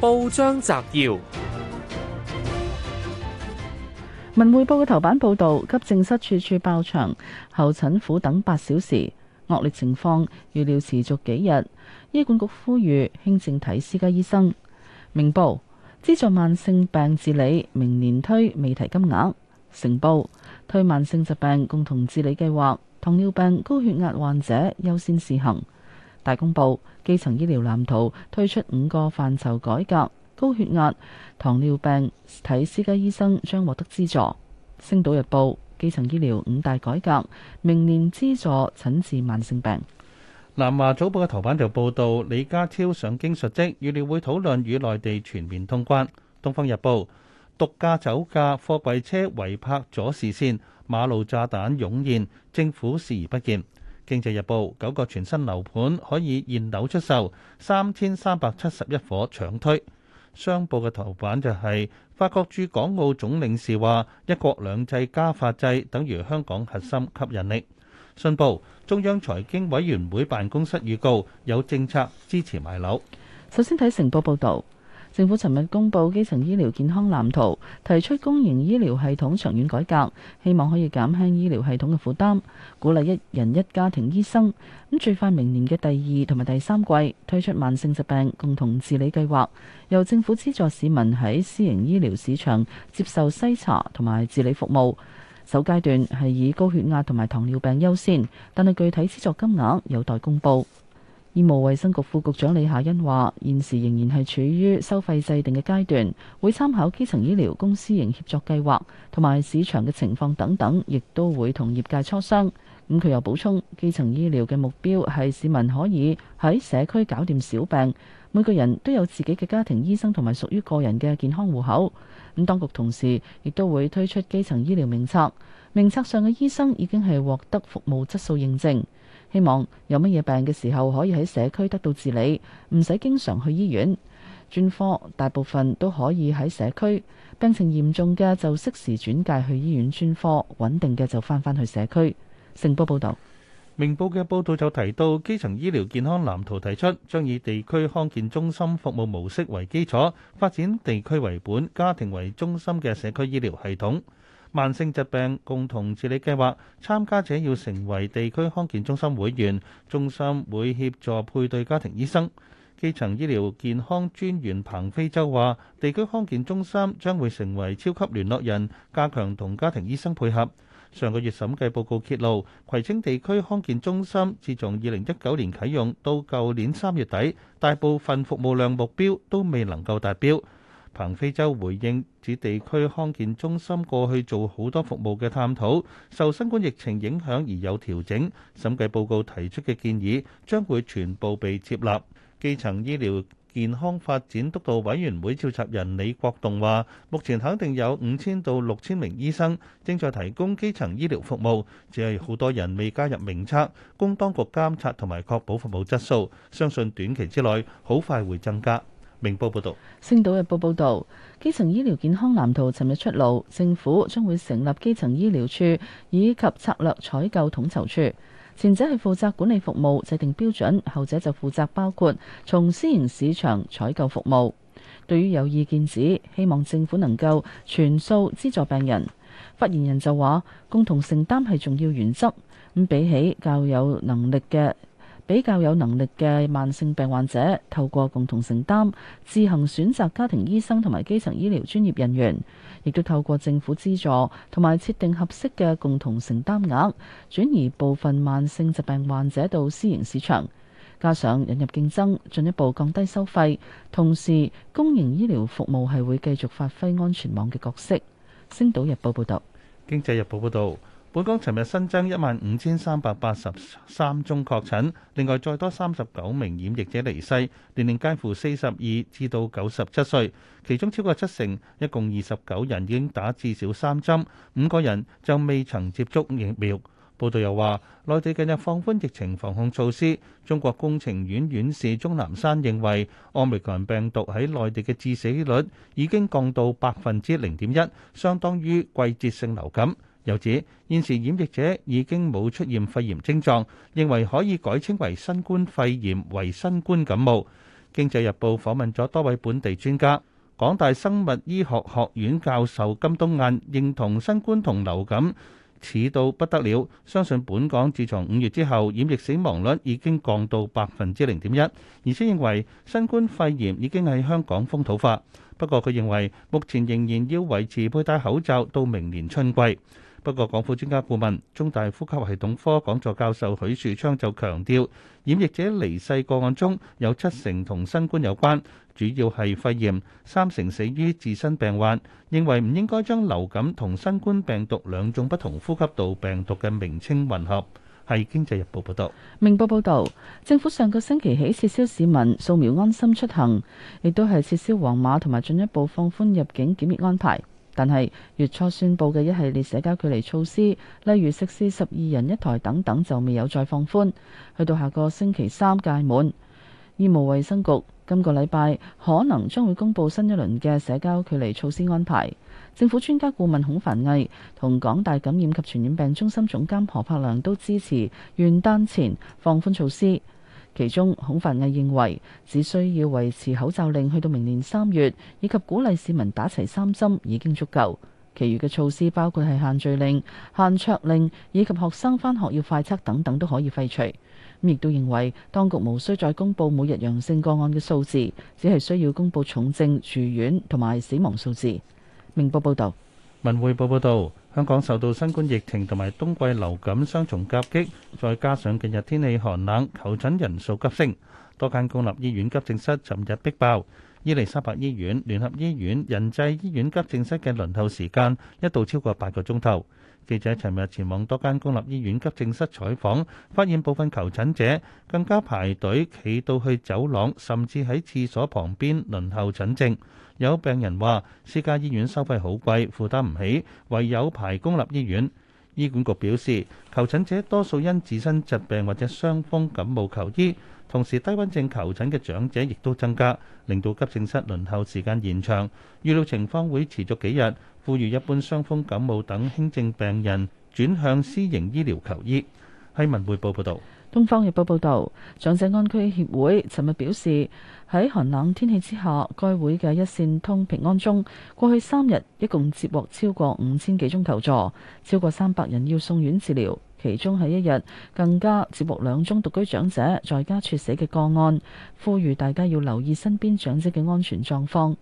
報章摘要：《文匯報》嘅頭版報道，急症室處處爆場，候診苦等八小時，惡劣情況預料持續幾日。醫管局呼籲輕症睇私家醫生。《明報》資助慢性病治理，明年推未提金額。《成報》推慢性疾病共同治理計劃，糖尿病、高血壓患者優先試行。大公報，基層醫療藍圖推出五個範疇改革，高血壓、糖尿病睇私家醫生將獲得資助。星島日報，基層醫療五大改革，明年資助診治慢性病。南華早報嘅頭版就報道，李家超上京述職，預料會討論與內地全面通關。東方日報，獨家酒駕、貨櫃車違泊阻視線、馬路炸彈湧現，政府視而不見。經濟日報九個全新樓盤可以現樓出售，三千三百七十一伙搶推。商報嘅頭版就係法國駐港澳總領事話一國兩制加法制等於香港核心吸引力。信報中央財經委員會辦公室預告有政策支持買樓。首先睇成報報道。政府尋日公布《基層醫療健康藍圖》，提出公營醫療系統長遠改革，希望可以減輕醫療系統嘅負擔，鼓勵一人一家庭醫生。咁最快明年嘅第二同埋第三季推出慢性疾病共同治理計劃，由政府資助市民喺私營醫療市場接受篩查同埋治理服務。首階段係以高血壓同埋糖尿病優先，但係具體資助金額有待公布。醫務衛生局副局長李夏欣話：現時仍然係處於收費制定嘅階段，會參考基層醫療公私營協作計劃同埋市場嘅情況等等，亦都會同業界磋商。咁、嗯、佢又補充，基層醫療嘅目標係市民可以喺社區搞掂小病，每個人都有自己嘅家庭醫生同埋屬於個人嘅健康戶口。咁、嗯、當局同時亦都會推出基層醫療名冊，名冊上嘅醫生已經係獲得服務質素認證。希望有乜嘢病嘅時候可以喺社區得到治理，唔使經常去醫院專科。大部分都可以喺社區，病情嚴重嘅就適時轉介去醫院專科，穩定嘅就翻翻去社區。成報報道。明報嘅報道就提到，基層醫療健康藍圖提出，將以地區康健中心服務模式為基礎，發展地區為本、家庭為中心嘅社區醫療系統。慢性疾病共同治理計劃參加者要成為地區康健中心會員，中心會協助配對家庭醫生。基層醫療健康專員彭飛洲話，地區康健中心將會成為超級聯絡人，加強同家庭醫生配合。上個月審計報告揭露，葵青地區康健中心自從二零一九年啟用到舊年三月底，大部分服務量目標都未能夠達標。彭非洲回應指地區康健中心過去做好多服務嘅探討受新冠疫情影響而有調整。審計報告提出嘅建議將會全部被接納。基層醫療健康發展督導委員會召集人李國棟話，目前肯定有五千到六千名醫生正在提供基層醫療服務，只係好多人未加入名冊供當局監察，同埋確保服務質素，相信短期之內好快會增加。明報報導，《星島日報》報導，基層醫療健康藍圖尋日出爐，政府將會成立基層醫療處以及策略採購統籌處，前者係負責管理服務制定標準，後者就負責包括從私營市場採購服務。對於有意見指希望政府能夠全數資助病人，發言人就話：共同承擔係重要原則。咁比起較有能力嘅。比較有能力嘅慢性病患者，透過共同承擔，自行選擇家庭醫生同埋基層醫療專業人員，亦都透過政府資助同埋設定合適嘅共同承擔額，轉移部分慢性疾病患者到私營市場，加上引入競爭，進一步降低收費。同時，公營醫療服務係會繼續發揮安全網嘅角色。星島日報報道。經濟日報報導。本港尋日新增一萬五千三百八十三宗確診，另外再多三十九名染疫者離世，年齡介乎四十二至到九十七歲，其中超過七成，一共二十九人已經打至少三針，五個人就未曾接觸疫苗。報道又話，內地近日放寬疫情防控措施。中國工程院院士鍾南山認為，奧密克戎病毒喺內地嘅致死率已經降到百分之零點一，相當於季節性流感。又指現時染疫者已經冇出現肺炎症狀，認為可以改稱為新冠肺炎為新冠感冒。經濟日報訪問咗多位本地專家，港大生物醫學學院教授金冬雁認同新冠同流感似到不得了，相信本港自從五月之後染疫死亡率已經降到百分之零點一，而且認為新冠肺炎已經喺香港風土化。不過佢認為目前仍然要維持佩戴口罩到明年春季。不過，港府專家顧問、中大呼吸系統科講座教授許樹昌就強調，染疫者離世個案中有七成同新冠有關，主要係肺炎，三成死於自身病患。認為唔應該將流感同新冠病毒兩種不同呼吸道病毒嘅名稱混合。係《經濟日報》報道。明報報道，政府上個星期起撤銷市民掃描安心出行，亦都係撤銷黃碼同埋進一步放寬入境檢疫安排。但係，月初宣佈嘅一系列社交距離措施，例如食肆十二人一台等等，就未有再放寬。去到下個星期三屆滿，醫務衛生局今個禮拜可能將會公布新一輪嘅社交距離措施安排。政府專家顧問孔凡毅同港大感染及傳染病中心總監何柏良都支持元旦前放寬措施。其中，孔繁毅認為只需要維持口罩令去到明年三月，以及鼓勵市民打齊三針已經足夠。其餘嘅措施包括係限聚令、限桌令以及學生返學要快測等等都可以廢除。咁亦都認為當局無需再公布每日陽性個案嘅數字，只係需要公布重症住院同埋死亡數字。明報報道，文匯報報道。香港受到新冠疫情同埋冬季流感雙重夾擊，再加上近日天氣寒冷，求診人數急升，多間公立醫院急症室尋日逼爆。伊利沙伯醫院、聯合醫院、仁濟醫院急症室嘅輪候時間一度超過八個鐘頭。記者尋日前往多間公立醫院急症室採訪，發現部分求診者更加排隊企到去走廊，甚至喺廁所旁邊輪候診症。有病人話：私家醫院收費好貴，負擔唔起，唯有排公立醫院。醫管局表示，求診者多數因自身疾病或者傷風感冒求醫。同時，低溫症求診嘅長者亦都增加，令到急症室輪候時間延長。預料情況會持續幾日，呼籲一般傷風、感冒等輕症病人轉向私營醫療求醫。喺文匯報報導，東方日報報導，長者安居協會尋日表示，喺寒冷天氣之下，該會嘅一線通平安鐘，過去三日一共接獲超過五千幾宗求助，超過三百人要送院治療。其中喺一日更加接獲兩宗獨居長者在家猝死嘅個案，呼籲大家要留意身邊長者嘅安全狀況。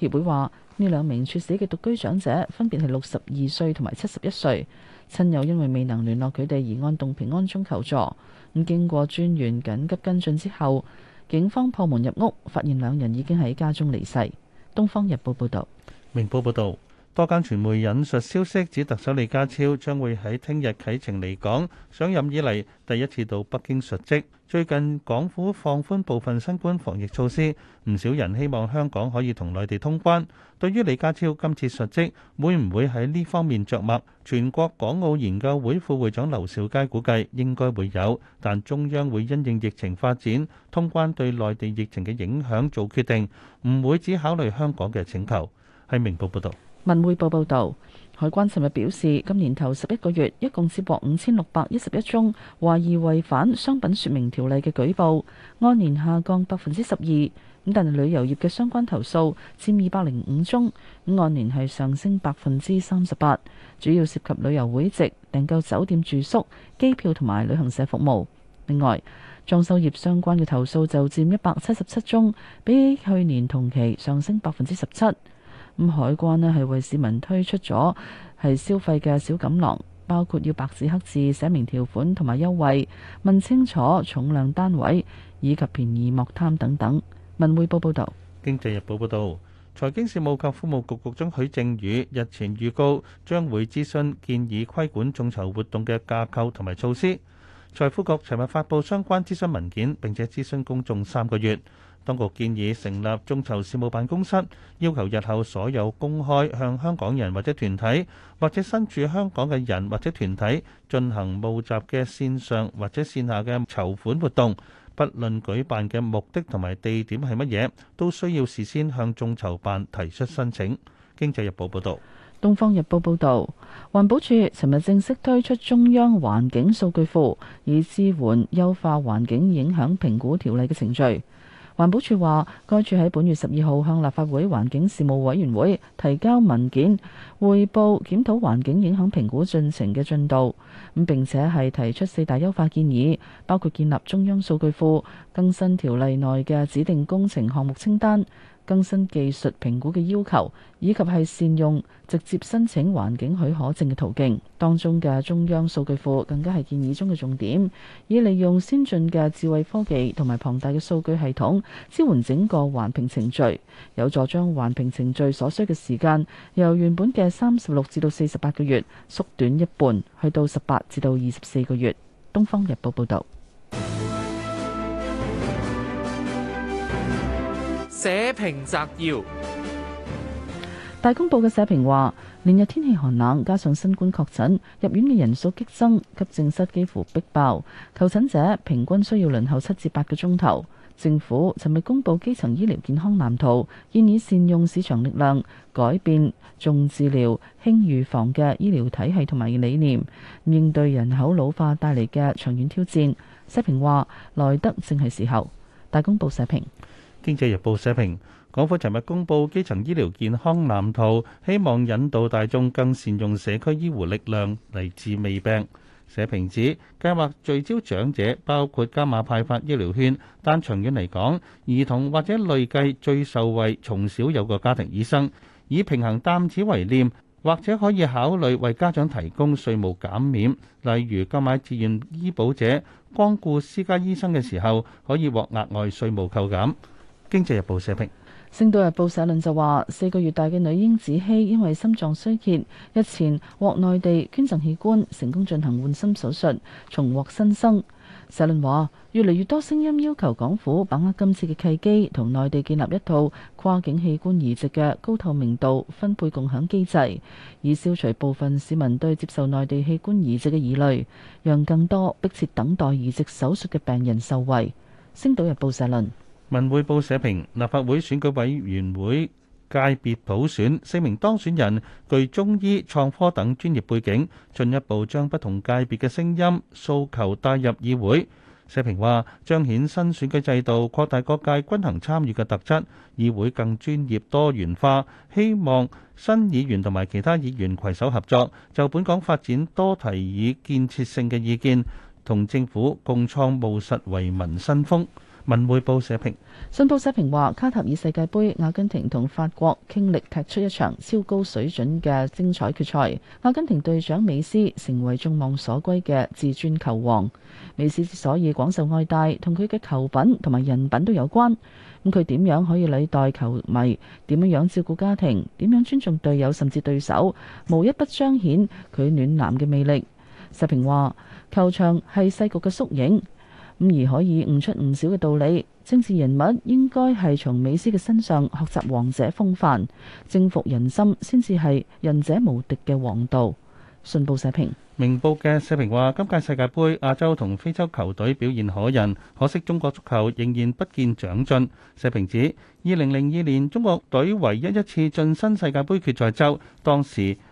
協會話呢兩名猝死嘅獨居長者分別係六十二歲同埋七十一歲，親友因為未能聯絡佢哋而按動平安鐘求助。咁經過專員緊急跟進之後，警方破門入屋，發現兩人已經喺家中離世。《東方日報》報道，《明報》報道。多間傳媒引述消息，指特首李家超將會喺聽日啟程離港上任以來第一次到北京述職。最近港府放寬部分新冠防疫措施，唔少人希望香港可以同內地通關。對於李家超今次述職會唔會喺呢方面著墨，全國港澳研究會副會長劉兆佳估計應該會有，但中央會因應疫情發展、通關對內地疫情嘅影響做決定，唔會只考慮香港嘅請求。喺明報報道。文匯報報道，海關尋日表示，今年頭十一個月一共接獲五千六百一十一宗懷疑違反商品說明條例嘅舉報，按年下降百分之十二。咁但係旅遊業嘅相關投訴佔二百零五宗，按年係上升百分之三十八，主要涉及旅遊會籍、訂購酒店住宿、機票同埋旅行社服務。另外，裝修業相關嘅投訴就佔一百七十七宗，比去年同期上升百分之十七。咁海關呢，係為市民推出咗係消費嘅小錦囊，包括要白紙黑字寫明條款同埋優惠，問清楚重量單位以及便宜莫貪等等。文匯報報道，經濟日報報道財經事務及服務局局長許正宇日前預告，將會諮詢建議規管眾籌活動嘅架構同埋措施。財富局尋日發佈相關諮詢文件，並且諮詢公眾三個月。當局建議成立眾籌事務辦公室，要求日後所有公開向香港人或者團體，或者身處香港嘅人或者團體進行募集嘅線上或者線下嘅籌款活動，不論舉辦嘅目的同埋地點係乜嘢，都需要事先向眾籌辦提出申請。經濟日報報道。《東方日報》報導，環保署尋日正式推出中央環境數據庫，以支援優化環境影響評估條例嘅程序。環保署話，該處喺本月十二號向立法會環境事務委員會提交文件，匯報檢討環境影響評估進程嘅進度，咁並且係提出四大優化建議，包括建立中央數據庫、更新條例內嘅指定工程項目清單。更新技術評估嘅要求，以及係善用直接申請環境許可證嘅途徑，當中嘅中央數據庫更加係建議中嘅重點，以利用先進嘅智慧科技同埋龐大嘅數據系統，支援整個環評程序，有助將環評程序所需嘅時間由原本嘅三十六至到四十八個月縮短一半，去到十八至到二十四個月。《東方日報》報道。社評摘要：大公報嘅社評話，連日天氣寒冷，加上新冠確診入院嘅人數激增，急症室幾乎逼爆，求診者平均需要輪候七至八個鐘頭。政府尋日公布基層醫療健康藍圖，建議善用市場力量，改變重治療、輕預防嘅醫療體系同埋理念，應對人口老化帶嚟嘅長遠挑戰。社評話，來得正係時候。大公報社評。《經濟日報》社評：港府尋日公布基層醫療健康藍圖，希望引導大眾更善用社區醫護力量嚟治未病。社評指計劃聚焦長者，包括加碼派發醫療券，但長遠嚟講，兒童或者累計最受惠。從小有個家庭醫生，以平衡擔子為念，或者可以考慮為家長提供稅務減免，例如購買自願醫保者光顧私家醫生嘅時候，可以獲額外稅務扣減。經濟日報社評。《星島日報社論》就話：四個月大嘅女嬰子希因為心臟衰竭，日前獲內地捐贈器官，成功進行換心手術，重獲新生。社論話：越嚟越多聲音要求港府把握今次嘅契機，同內地建立一套跨境器官移植嘅高透明度分配共享機制，以消除部分市民對接受內地器官移植嘅疑慮，讓更多迫切等待移植手術嘅病人受惠。《星島日報社論》文匯報社評：立法會選舉委員會界別補選，四名當選人具中醫、創科等專業背景，進一步將不同界別嘅聲音訴求帶入議會。社評話：彰顯新選舉制度擴大各界均衡參與嘅特質，議會更專業多元化。希望新議員同埋其他議員攜手合作，就本港發展多提以建設性嘅意見，同政府共創務實為民新風。文匯報社評。信報社評話：卡塔爾世界盃，阿根廷同法國傾力踢出一場超高水準嘅精彩決賽。阿根廷隊長美斯成為眾望所歸嘅至尊球王。美斯之所以廣受愛戴，同佢嘅球品同埋人品都有關。咁佢點樣可以禮待球迷？點樣樣照顧家庭？點樣尊重隊友甚至對手？無一不彰顯佢暖男嘅魅力。社評話：球場係世局嘅縮影。咁而可以悟出唔少嘅道理。政治人物應該係從美斯嘅身上學習王者風範，征服人心先至係仁者無敵嘅王道。信報社評、明報嘅社評話，今屆世界杯亞洲同非洲球隊表現可人，可惜中國足球仍然不見長進。社評指二零零二年中國隊唯一一次晉身世界杯決賽周，當時。